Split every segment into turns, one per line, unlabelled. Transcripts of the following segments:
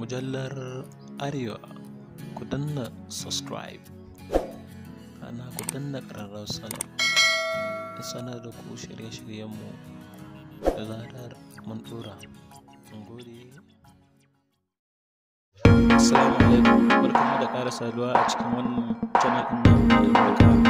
mujallar Arewa ku danna subscribe ana ku danna ƙararrawar sanar da sanar da ku shirye-shiryenmu da zarar mun ɗora. gode. Assalamu alaikum barkamu da ƙara saduwa a cikin wannan channel ɗin na Amurka.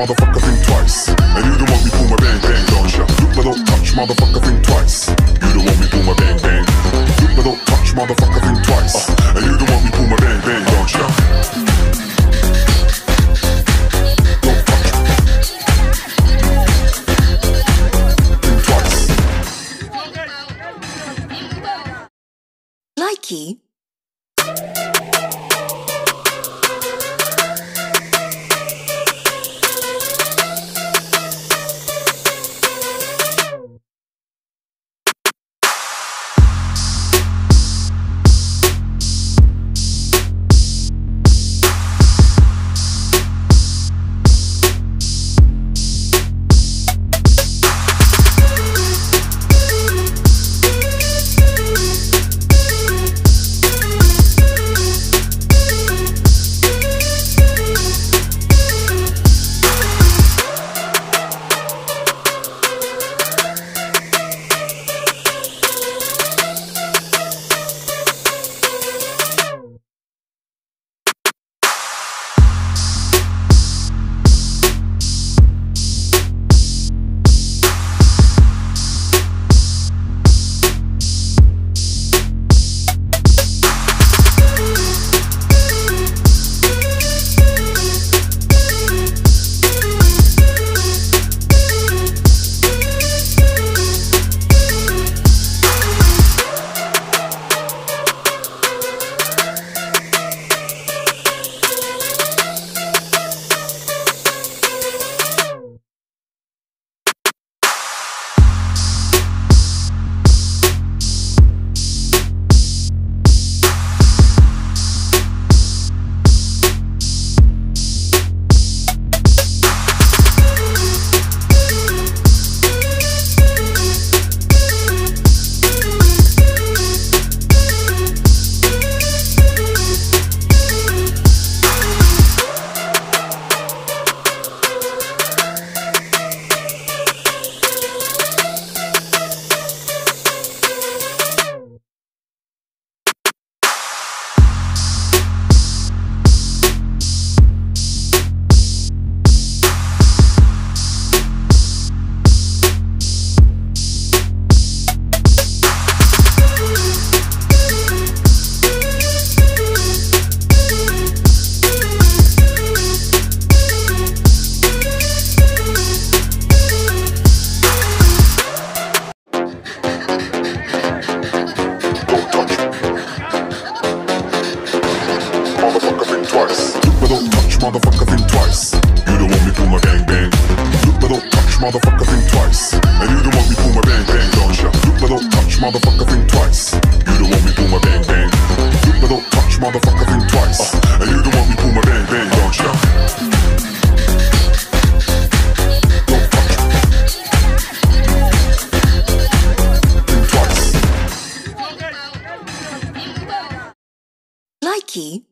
motherfucker, think twice. And you don't want me pull my bang bang, don't ya? but don't touch, motherfucker, think twice. You don't want me pull my bang bang. but don't touch, motherfucker, think twice. Uh, and you don't want me pull my bang bang, don't ya? Likey. twice. Look, but don't touch, motherfucker, think twice. You don't want me pull my bang bang. Look, but don't touch, motherfucker, think twice. And you don't want me pull my bang bang, don't ya? Look, but don't touch, motherfucker, think twice. You don't want me pull my bang bang. Look, but don't touch, motherfucker, think twice. Uh, and you don't want me pull my bang bang, don't ya?
Nike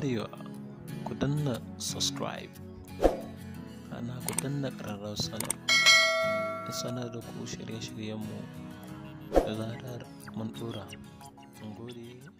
arewa ku danna subscribe ana ku danna ƙararrawar sanar da sanar da ku shirye-shiryenmu da zarar mun ɗora. gode.